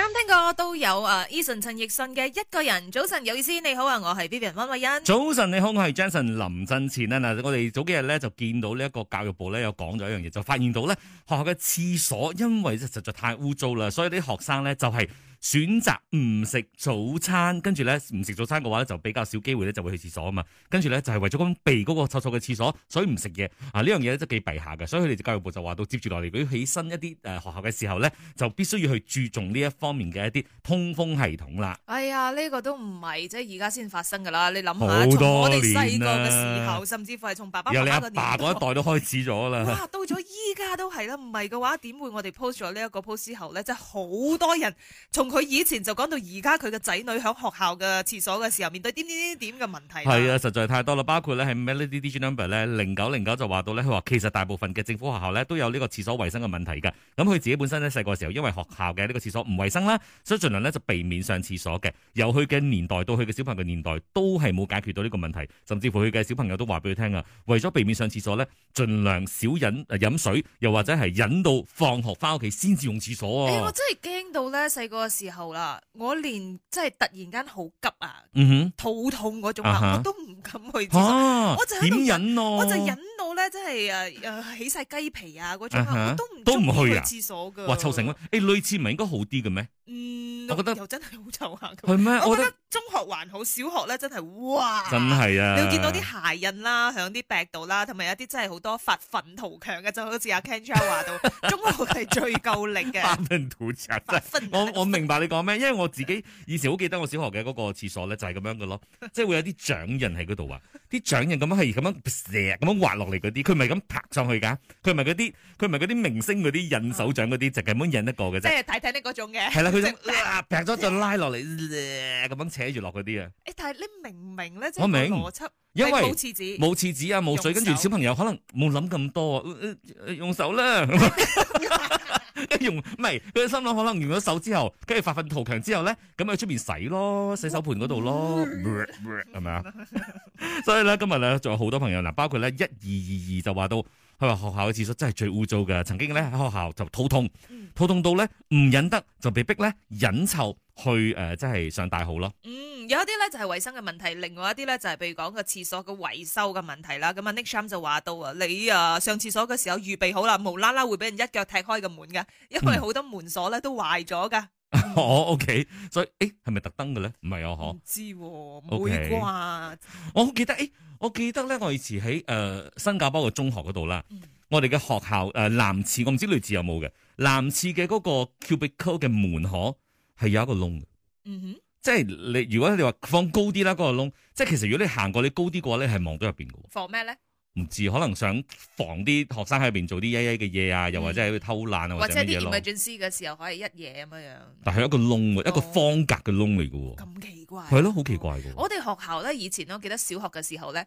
啱聽過都有啊，Eason 陳奕迅嘅一個人，早晨有意思，你好啊，我係 Vivian 温慧欣。早晨你好，我係 Jason 林振前啊！嗱、嗯，我哋早幾日咧就見到呢一個教育部咧有講咗一樣嘢，就發現到咧學校嘅廁所因為實在太污糟啦，所以啲學生咧就係、是。選擇唔食早餐，跟住咧唔食早餐嘅話咧，就比較少機會咧就會去廁所啊嘛。跟住咧就係、是、為咗咁避嗰個臭臭嘅廁所，所以唔食嘢啊，呢樣嘢咧都幾弊下嘅。所以佢哋教育部就話到，接住落嚟佢起身一啲誒學校嘅時候咧，就必須要去注重呢一方面嘅一啲通風系統啦。哎呀，呢、這個都唔係即係而家先發生噶啦，你諗下，從我哋細個嘅時候，甚至乎係從爸爸媽媽爸咪嗰代都開始咗啦。哇，到咗依家都係啦，唔係嘅話，點會我哋 post 咗呢一個 post 之後咧，即係好多人從。佢以前就講到而家，佢嘅仔女喺學校嘅廁所嘅時候，面對啲點點點嘅問題、啊。係啊，實在太多啦，包括咧係 Melody D、G、Number 咧零九零九就話到咧，佢話其實大部分嘅政府學校咧都有呢個廁所衞生嘅問題㗎。咁佢自己本身咧，細個嘅時候因為學校嘅呢個廁所唔衞生啦，所以儘量咧就避免上廁所嘅。由佢嘅年代到佢嘅小朋友年代都係冇解決到呢個問題，甚至乎佢嘅小朋友都話俾佢聽啊，為咗避免上廁所咧，儘量少飲誒飲水，又或者係忍到放學翻屋企先至用廁所啊、欸。我真係驚到咧細個時候啦，我連即係突然間好急啊，肚痛嗰種、嗯、哼啊，我都唔敢去，我就喺度忍咯，忍啊，我就忍。真係，啊，啊起晒雞皮啊，嗰種啊，都唔都唔去啊廁所噶，哇臭成咯。誒，女廁唔係應該好啲嘅咩？嗯，我覺得又真係好臭下嘅。係咩？我覺得中學還好，小學咧，真係哇！真係啊！你見到啲鞋印啦，響啲壁度啦，同埋有啲真係好多發糞圖強嘅，就好似阿 Ken Chan 話到，中學係最夠力嘅。發糞圖強，我我明白你講咩？因為我自己以前好記得我小學嘅嗰個廁所咧，就係咁樣嘅咯，即係會有啲掌印喺嗰度啊。啲掌印咁樣，係咁樣斜咁樣滑落嚟嗰啲，佢唔係咁拍上去噶，佢唔係嗰啲，佢唔係嗰啲明星嗰啲印手掌嗰啲，就咁樣印得過嘅啫。即係睇睇你嗰種嘅。係啦，佢劈咗就拉落嚟，咁樣扯住落嗰啲啊。誒，但係你明唔明咧？我明，邏輯，因為冇廁紙，冇廁紙啊，冇水，跟住小朋友可能冇諗咁多，啊，用手啦。用唔係佢心諗，可能完咗手之後，跟住發奮圖強之後咧，咁喺出邊洗咯，洗手盤嗰度咯，係咪啊？所以咧，今日咧仲有好多朋友嗱，包括咧一二二二就話到。佢話學校嘅廁所真係最污糟噶，曾經咧喺學校就肚痛，肚痛到咧唔忍得，就被逼咧忍臭去誒，即係上大號咯。嗯，有一啲咧就係衛生嘅問題，另外一啲咧就係譬如講個廁所嘅維修嘅問題啦。咁啊，Nick Shum 就話到啊，你啊上廁所嘅時候預備好啦，無啦啦會俾人一腳踢開個門噶，因為好多門鎖咧都壞咗噶。嗯 哦，OK，所以誒，係咪特登嘅咧？唔係啊，嗬、哦，唔知喎，會啩？我好記得誒、欸，我記得咧，我以前喺誒、呃、新加坡嘅中學嗰度啦，我哋嘅學校誒男廁，我唔知女廁有冇嘅男廁嘅嗰個 cubicle 嘅門可係有一個窿嘅，嗯哼，即係你如果你話放高啲啦，嗰、那個窿，即係其實如果你行過你高啲嘅話咧，係望到入邊嘅，放咩咧？唔知可能想防啲學生喺入邊做啲曳曳嘅嘢啊，又或者喺度偷懶啊，嗯、或者啲秘密卷屍嘅時候可以一夜咁樣樣。但係一個窿喎，哦、一個方格嘅窿嚟嘅。咁奇怪係、啊、咯，好奇怪嘅、啊。我哋學校咧，以前都記得小學嘅時候咧。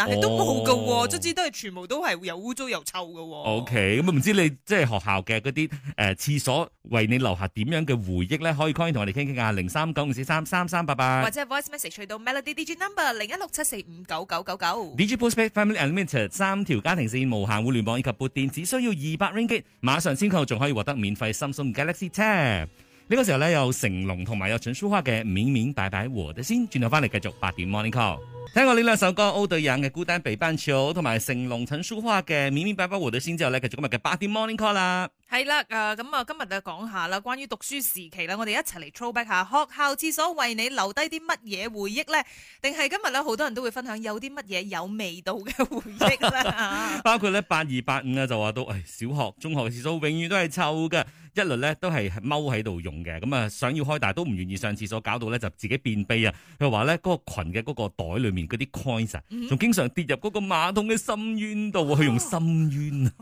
但係都冇噶、哦，哦、總之都係全部都係又污糟又臭噶、哦。OK，咁啊，唔知你即係學校嘅嗰啲誒廁所為你留下點樣嘅回憶咧？可以 call 同我哋傾傾啊，零三九五四三三三八八，或者 Voice Message 去到 Melody Digi Number 零一六七四五九九九九。Digi Boost Family Unlimited 三條家庭線無限互聯網以及撥電，只需要二百 Ringgit，馬上先購仲可以獲得免費 Samsung Galaxy Tab。呢個時候咧有成龍同埋有陳淑樺嘅明明白白和的先。的心，轉頭翻嚟繼續八點 Morning Call。聽過呢兩首歌，歐得洋嘅孤單北半球同埋成龍陳淑樺嘅明明白白我的心之後咧，繼續今日嘅八點 morning call 啦。係啦，誒、呃，咁、嗯、啊，今日就講下啦，關於讀書時期啦，我哋一齊嚟 throwback 下學校廁所為你留低啲乜嘢回憶咧？定係今日咧，好多人都會分享有啲乜嘢有味道嘅回憶啦。 包括咧八二八五啊，2, 就話到，誒、哎，小學、中學廁所永遠都係臭㗎。一律咧都係係踎喺度用嘅，咁啊想要開，大都唔願意上廁所，搞到咧就自己便秘啊！佢話咧嗰個羣嘅嗰個袋裡面嗰啲 coins，仲、嗯、哼經常跌入嗰個馬桶嘅深淵度去、哦、用深淵啊！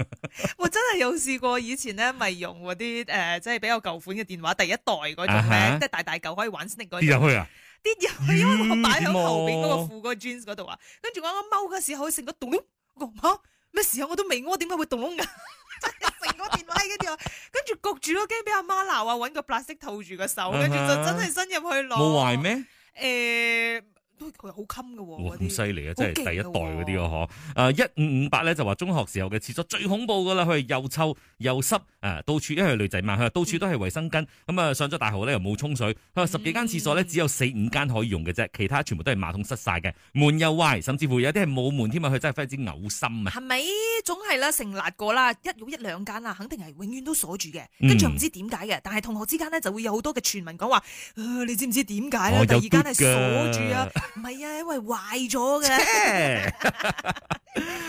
我真係有試過，以前咧咪用嗰啲誒，即係比較舊款嘅電話，第一代嗰種咩，即係、uh huh、大大舊可以玩那 s 嗰啲入去啊！跌入去，因為我擺喺後邊嗰個褲嗰個 jeans 嗰度啊，跟住我我踎嘅時候，先嗰短，我咩時候我都未屙，點解會洞窿㗎？真係成個電話喺度，跟住焗住都驚俾阿媽鬧啊！揾個白色套住個手，跟住、uh huh. 就真係伸入去攞。冇壞咩？誒、欸。都佢好襟㗎喎，哇！咁犀利啊，即係第一代嗰啲喎，嗬、哦。誒一五五八咧就話中學時候嘅廁所最恐怖嘅啦，佢又臭又濕，誒、啊、到處，因為女仔嘛，佢話到處都係衛生巾。咁啊、嗯、上咗大學咧又冇沖水，佢話十幾間廁所咧只有四五間可以用嘅啫，其他全部都係馬桶塞晒嘅，門又壞，甚至乎有啲係冇門添啊！佢真係非常之嘔心啊！係咪？總係啦，成爛個啦，一用一兩間啦，肯定係永遠都鎖住嘅，嗯、跟住唔知點解嘅。但係同學之間呢，就會有好多嘅傳聞講話、呃，你知唔知點解咧？哦、第二間係鎖住啊！ 唔係啊，因為壞咗嘅。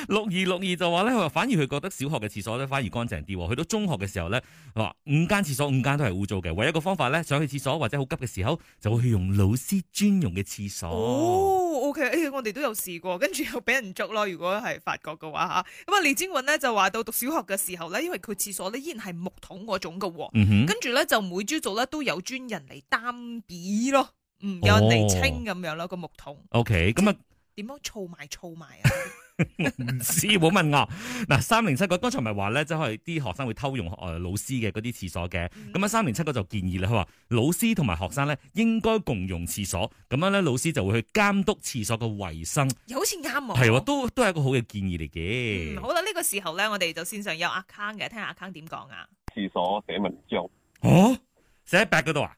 六二六二就話咧，佢話反而佢覺得小學嘅廁所咧反而乾淨啲。去到中學嘅時候咧，話五間廁所五間都係污糟嘅。唯一一個方法咧，上去廁所或者好急嘅時候，就會去用老師專用嘅廁所。哦，OK，哎，我哋都有試過，跟住又俾人捉咯。如果係法國嘅話吓，咁啊李貞韻咧就話到讀小學嘅時候咧，因為佢廁所咧依然係木桶嗰種嘅，嗯、哼跟住咧就每朝早咧都有專人嚟擔屎咯。唔有人嚟清咁樣咯個木桶。O K，咁啊，點樣儲埋儲埋啊？師傅 問我嗱，三零七嗰剛才咪話咧，即係啲學生會偷用誒老師嘅嗰啲廁所嘅。咁啊、嗯，三零七嗰就建議咧，佢話老師同埋學生咧應該共用廁所。咁樣咧，老師就會去監督廁所嘅衛生。又好似啱喎，係喎，都都係一個好嘅建議嚟嘅，嗯。好啦，呢、這個時候咧，我哋就綫上有阿坑嘅，聽下阿坑點講啊？廁所寫文章，哦，寫喺白嗰度啊？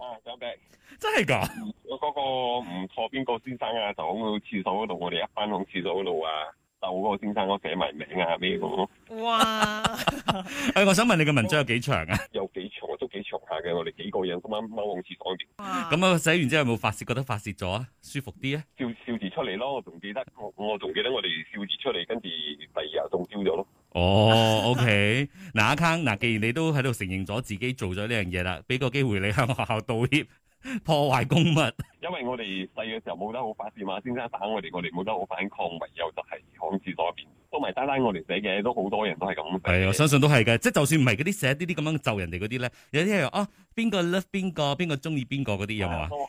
哦，張碧、 啊、真係噶，我嗰個唔錯邊個先生啊，就去到廁所嗰度，我哋一翻去廁所嗰度啊，逗嗰個先生、啊，我寫埋名啊咩我哇！係、 哎，我想問你嘅文章有幾長啊？有，有幾長都幾長下嘅，我哋幾個人咁啱踎響廁所度。哇！咁啊，寫完之後有冇發泄？覺得發泄咗啊？舒服啲啊？照笑字出嚟咯，我仲記得，我我仲記得我哋笑字出嚟，跟住第二日仲丟咗咯。哦，OK，嗱阿坑，嗱、啊，既然你都喺度承認咗自己做咗呢樣嘢啦，俾個機會你向學校道歉，破壞公物。因為我哋細嘅時候冇得好發泄嘛，先生打我哋，我哋冇得好反抗，唯有就係、是、躺廁所入邊。都唔係單單我哋寫嘅，都好多人都係咁。係，我相信都係嘅。即係就算唔係嗰啲寫啲啲咁樣咒人哋嗰啲咧，有啲啊邊個 love 邊個，邊個中意邊個嗰啲有冇？都係，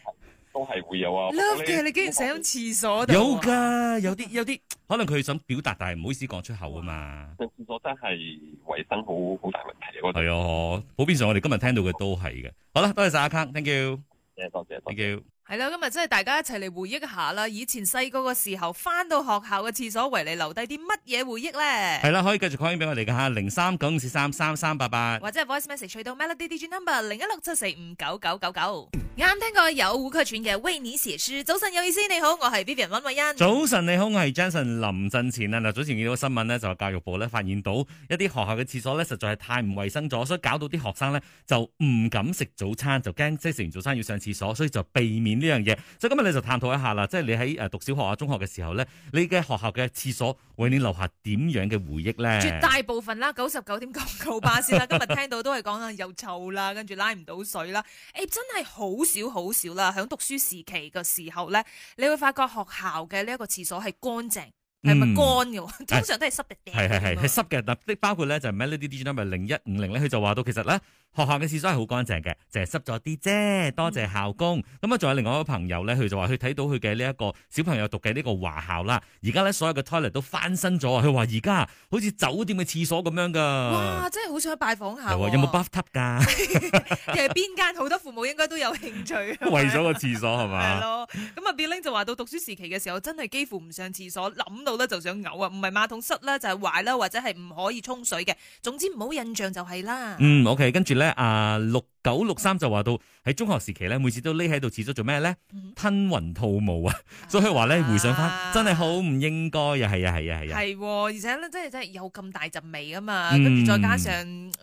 都係會有啊。love 嘅，的你竟然寫喺廁所度。有㗎，有啲有啲。可能佢想表達，但係唔好意思講出口啊嘛，嗯。我覺得係衞生好好大問題，啊，係啊。普遍上，我哋今日聽到嘅都係嘅。好啦，多謝阿阿克，thank you。多謝多謝，thank you。謝係啦，今日真係大家一齊嚟回憶一下啦，以前細個嘅時候翻到學校嘅廁所為你留低啲乜嘢回憶咧？係啦，可以繼續 call 俾我哋嘅吓零三九五四三三三八八，或者係 voice message 去到 Melody DJ number 零一六七四五九九九九。啱、嗯、聽過有虎克傳嘅為你寫書，早晨有意思，你好，我係 Vivian 溫慧欣。早晨你好，我係 Jenson 林振前啊。嗱，早前見到個新聞呢，就係教育部呢發現到一啲學校嘅廁所呢，實在係太唔衛生咗，所以搞到啲學生呢就唔敢食早餐，就驚即係食完早餐要上廁所，所以就避免。呢樣嘢，所以今日你就探討一下啦，即係你喺誒讀小學啊中學嘅時候咧，你嘅學校嘅廁所為你留下點樣嘅回憶咧？絕大部分啦，九十九點九九巴仙啦， 今日聽到都係講啦又臭啦，跟住拉唔到水啦，誒真係好少好少啦。響讀書時期嘅時候咧，你會發覺學校嘅呢一個廁所係乾淨。係咪乾嘅？通常都係濕嘅。係係係濕嘅。嗱，包括咧，就係咩呢啲 DGM 零一五零咧，佢就話到其實咧，學校嘅廁所係好乾淨嘅，淨係濕咗啲啫。多謝校工。咁啊、嗯，仲有另外一個朋友咧，佢就話佢睇到佢嘅呢一個小朋友讀嘅呢個華校啦。而家咧所有嘅 toilet 都翻身咗，佢話而家好似酒店嘅廁所咁樣噶。哇！真係好想去拜訪下的。有冇 bathtub 噶？ 其實邊間？好多父母應該都有興趣。為咗個廁所係嘛？係咯的。咁啊，Bill Ling 就話到讀書時期嘅時候，真係幾乎唔上廁所，諗到，就想嘔啊，唔係馬桶塞啦，就係壞啦，或者係唔可以沖水嘅。總之唔好印象就係啦。嗯，OK，跟住咧，啊、呃、六。九六三就話到喺中學時期咧，每次都匿喺度廁所做咩咧？嗯、吞雲吐霧啊！ 所以佢話咧回想翻，真係好唔應該，啊。係啊，係啊，係啊！係，而且咧，真係真係有咁大陣味啊嘛！跟住、嗯、再加上，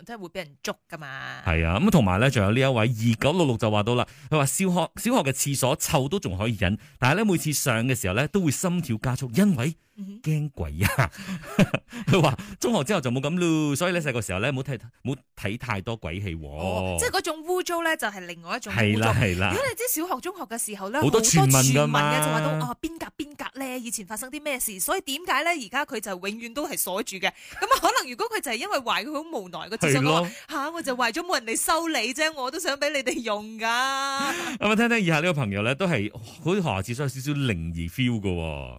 真係會俾人捉噶嘛！係啊，咁同埋咧，仲有呢有一位二九六六就話到啦，佢話、嗯、小學小學嘅廁所臭都仲可以忍，但係咧每次上嘅時候咧都會心跳加速，因為驚、嗯、哼鬼啊！佢 話中學之後就冇咁咯，所以咧細個時候咧冇睇冇睇太多鬼戲、哦，即係嗰種。污糟咧就係另外一種污糟。如果你知小學中學嘅時候咧，好多傳聞嘅就話到哦邊、啊、格邊格咧，以前發生啲咩事？所以點解咧而家佢就永遠都係鎖住嘅？咁啊 可能如果佢就係因為懷佢好無奈嘅，只想話吓我就壞咗冇人嚟收你啫，我都想俾你哋用噶。咁啊，聽聽以下呢個朋友咧，都係好似下次都有少少靈異 feel 嘅。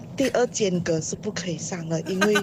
第二間隔是不可以上嘅，因為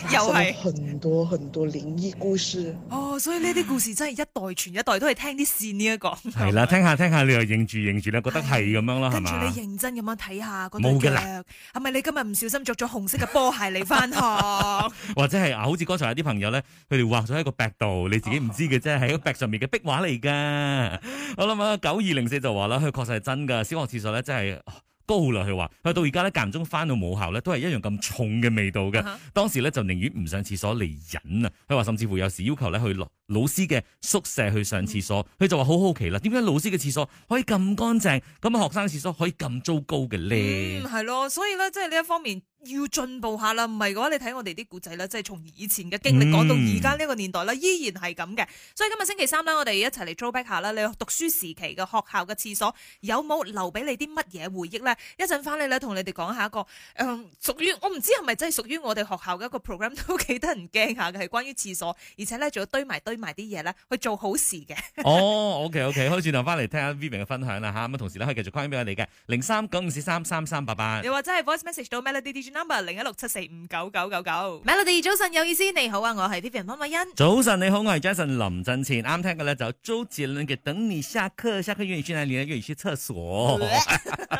發生很多很多靈異故事。 哦，所以呢啲故事真係一代傳一代都一，都係聽啲線呢一個。係啦，聽下聽下，你又認住認住咧，覺得係咁樣啦係咪？跟住你認真咁樣睇下，覺得係咪你今日唔小心着咗紅色嘅波鞋嚟翻學？ 或者係啊，好似剛才有啲朋友咧，佢哋畫咗喺個壁度，你自己唔知嘅啫，喺 個壁上面嘅壁畫嚟噶。好啦，啊九二零四就話啦，佢確實係真㗎，小學廁所咧真係。高啦，佢話去到而家咧間唔中翻到母校咧，都係一樣咁重嘅味道嘅。Uh huh. 當時咧就寧願唔上廁所嚟忍啊，佢話甚至乎有時要求咧去老師嘅宿舍去上廁所，佢、uh huh. 就話好好奇啦，點解老師嘅廁所可以咁乾淨，咁啊學生嘅廁所可以咁糟糕嘅咧？嗯，係咯，所以咧即係呢一方面。要進步下啦，唔係嘅話，你睇我哋啲古仔啦，即係從以前嘅經歷講到而家呢個年代啦，依然係咁嘅。所以今日星期三啦，我哋一齊嚟 throwback 下啦。你讀書時期嘅學校嘅廁所有冇留俾你啲乜嘢回憶咧？一陣翻嚟咧，同你哋講下一個，嗯，屬於我唔知係咪真係屬於我哋學校嘅一個 program 都幾得人驚下嘅，係關於廁所，而且咧仲要堆埋堆埋啲嘢咧去做好事嘅。哦，OK OK，開轉頭翻嚟聽下 V i 嘅分享啦吓，咁同時咧可以繼續 call 俾我哋嘅零三九五四三三三八八，又或者係 voice message 到 m number 零一六七四五九九九九 Melody 早晨，有意思，你好啊，我係 TVB 潘柏欣。早晨你好，我係 Jason 林振前。前啱聽嘅咧就周杰倫嘅《等你下課》，下課願意去哪點啊？願意去廁所。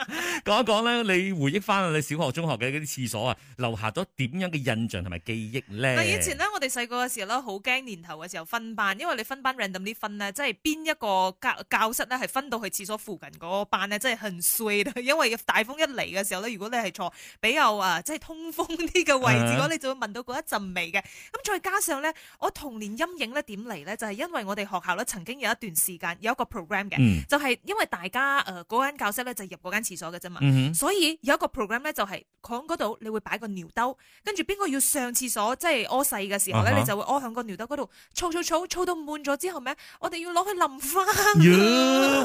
講一講咧，你回憶翻你小學、中學嘅嗰啲廁所啊，留下咗點樣嘅印象同埋記憶咧？以前咧，我哋細個嘅時候咧，好驚年頭嘅時候分班，因為你分班 random 啲分咧，即係邊一個教教室咧係分到去廁所附近嗰班咧，即係很衰。因為大風一嚟嘅時候咧，如果你係坐比較啊。呃即係通風啲嘅位置，你就會聞到嗰一陣味嘅。咁再加上咧，我童年陰影咧點嚟咧，就係因為我哋學校咧曾經有一段時間有一個 program 嘅，就係因為大家誒嗰間教室咧就入嗰間廁所嘅啫嘛，所以有一個 program 咧就係喺嗰度，你會擺個尿兜，跟住邊個要上廁所即係屙細嘅時候咧，你就會屙響個尿兜嗰度，儲儲儲儲到滿咗之後咩？我哋要攞去淋翻。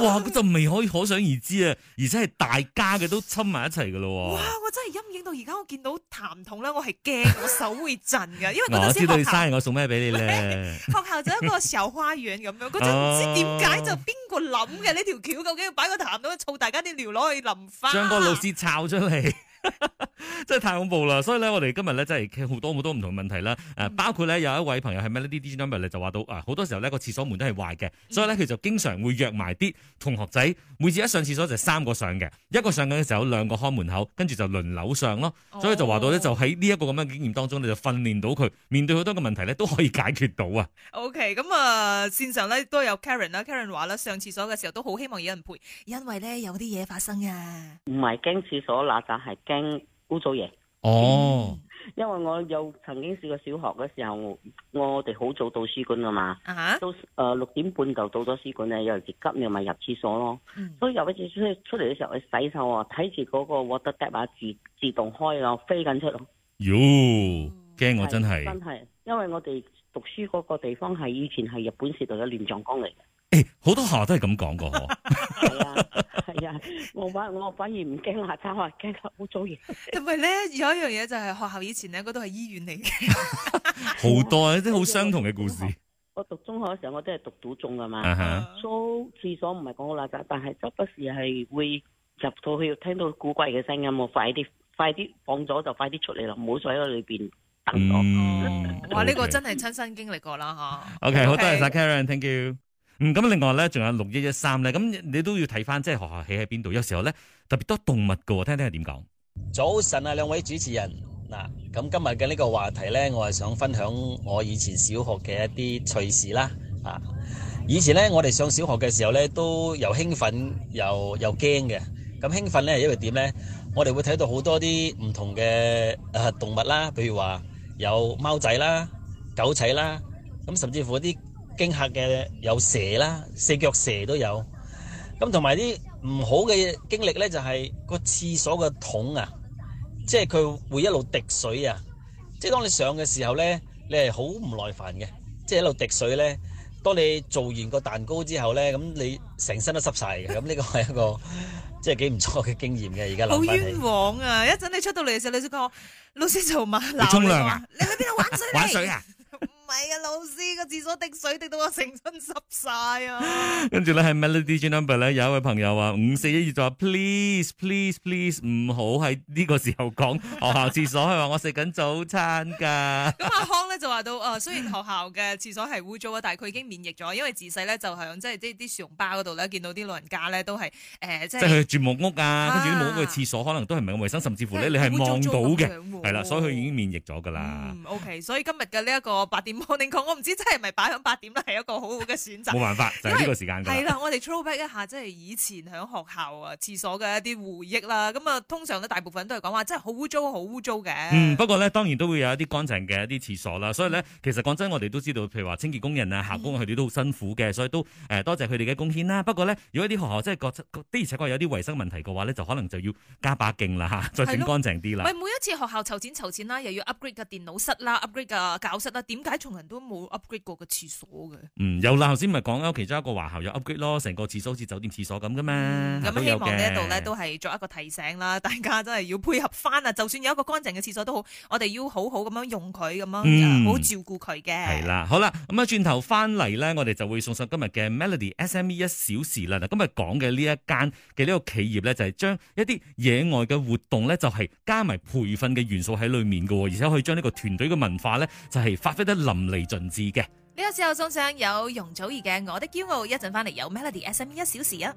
哇！嗰陣味可以可想而知啊，而且係大家嘅都侵埋一齊嘅咯。哇！我真係陰影到而家。見到痰桶咧，我係驚，我手會震噶因為嗰陣時學校，我知佢生日，我送咩俾你咧？學校就一個小花園咁樣，嗰陣唔知點解就邊個諗嘅呢條橋究竟要擺個痰桶去湊大家啲尿攞去淋花，將個老師抄出嚟。 真係太恐怖啦！所以咧，我哋今日咧真係好多好多唔同嘅問題啦。誒，包括咧有一位朋友係咩呢啲 number 咧，就話到啊，好多時候呢個廁所門都係壞嘅，所以咧佢就經常會約埋啲同學仔，每次一上廁所就三個上嘅，一個上緊嘅時候有兩個看門口，跟住就輪流上咯。所以就話到咧，就喺呢一個咁樣經驗當中，你就訓練到佢面對好多嘅問題咧都可以解決到啊。OK，咁、嗯、啊綫上咧都有 Karen 啦，Karen 話啦上廁所嘅時候都好希望有人陪，因為咧有啲嘢發生啊，唔係驚廁所啦。就係驚污糟嘢哦，oh. 因為我有曾經試過小學嘅時候，我哋好早到書館啊嘛，uh huh. 到誒六點半就到咗書館咧，有陣時急尿咪入廁所咯，uh huh. 所以有一次出出嚟嘅時候，去洗手啊，睇住嗰個 water tap 啊自自動開啦，飛緊出咯，喲驚我真係真係，因為我哋讀書嗰個地方係以前係日本時代嘅亂葬崗嚟。誒，好、欸、多學校都係咁講個係啊，係啊，我反我反而唔驚邋遢，我驚好早夜。唔係咧，有一樣嘢就係學校以前咧，應該都係醫院嚟嘅。好 多啲、啊、好相同嘅故事我。我讀中學嘅時候，我,讀我都係讀到中噶嘛。Uh huh. 所以廁所唔係講好邋遢，但係時不時係會入到去聽到古怪嘅聲音，我快啲快啲放咗就快啲出嚟啦，唔好再喺個裏邊等我。哇，呢、這個真係親身經歷過啦吓。嗯、OK，好多謝啊，Karen，Thank you。Okay. 嗯，咁另外咧，仲有六一一三咧，咁你都要睇返，即係學校喺喺邊度。有時候咧，特別多動物噶聽聽係點講？早晨啊，兩位主持人，嗱，咁今日嘅呢個話題咧，我係想分享我以前小學嘅一啲趣事啦。啊，以前咧，我哋上小學嘅時候咧，都又興奮又又驚嘅。咁興奮咧係因為點咧？我哋會睇到好多啲唔同嘅誒、呃、動物啦，譬如話有貓仔啦、狗仔啦，咁甚至乎啲。驚吓嘅有蛇啦，四腳蛇都有。咁同埋啲唔好嘅經歷咧，就係個廁所個桶啊，即係佢會一路滴水啊。即係當你上嘅時候咧，你係好唔耐煩嘅。即係一路滴水咧，當你做完個蛋糕之後咧，咁你成身都濕晒嘅。咁呢個係一個即係幾唔錯嘅經驗嘅。而家留翻你。好冤枉啊！一陣你出到嚟嘅時候，老師講老師做乜鬧你？你沖涼啊？你去邊度玩水？玩水啊！唔係啊，老師個廁所滴水滴到我成身濕晒啊！跟住咧係 Melody Number 咧，有一位朋友話五四一二就話 Please Please Please 唔好喺呢個時候講學校廁所，佢話 我食緊早餐噶。咁 阿康咧就話到誒、呃，雖然學校嘅廁所係污糟啊，但係佢已經免疫咗，因為自細咧就響即係啲啲樹屋包嗰度咧，見到啲老人家咧都係誒即係住木屋啊，啊跟住啲木屋嘅廁所可能都係唔係咁衛生，甚至乎咧你係望到嘅係啦，所以佢已經免疫咗噶啦。嗯、o、okay, K，所以今日嘅呢一個八點。冇，寧講我唔知，真係咪擺響八點都係一個好好嘅選擇。冇辦法，就係呢個時間㗎。係啦，我哋 throwback 一下，即係以前喺學校啊廁所嘅一啲回憶啦。咁啊，通常咧大部分都係講話，真係好污糟，好污糟嘅。嗯，不過咧當然都會有一啲乾淨嘅一啲廁所啦。所以咧，其實講真，我哋都知道，譬如話清潔工人啊、校工啊，佢哋都好辛苦嘅，所以都多謝佢哋嘅貢獻啦。不過呢，如果啲學校真係覺得的而且確有啲衞生問題嘅話呢，就可能就要加把勁啦，吓，再整乾淨啲啦。咪每一次學校籌錢籌錢啦，又要 upgrade 嘅電腦室啦，upgrade 嘅教室啊，點解？同人都冇 upgrade 過個廁所嘅，嗯，有啦，頭先咪講咯，其中一個華校有 upgrade 咯，成個廁所好似酒店廁所咁嘅嘛，咁、嗯嗯、希望呢一度咧都係作一個提醒啦，大家真係要配合翻啊！就算有一個乾淨嘅廁所都好，我哋要好好咁樣用佢，咁樣好，好照顧佢嘅。係、嗯、啦，好啦，咁啊轉頭翻嚟咧，我哋就會送上今日嘅 Melody SME 一小時啦。嗱，今日講嘅呢一間嘅呢個企業咧，就係、是、將一啲野外嘅活動咧，就係、是、加埋培訓嘅元素喺裏面嘅喎，而且可以將呢個團隊嘅文化咧，就係、是、發揮得淋淋漓盡致嘅呢個時候，送上有容祖兒嘅《我的驕傲》，一陣翻嚟，有 Melody SM 一小時啊！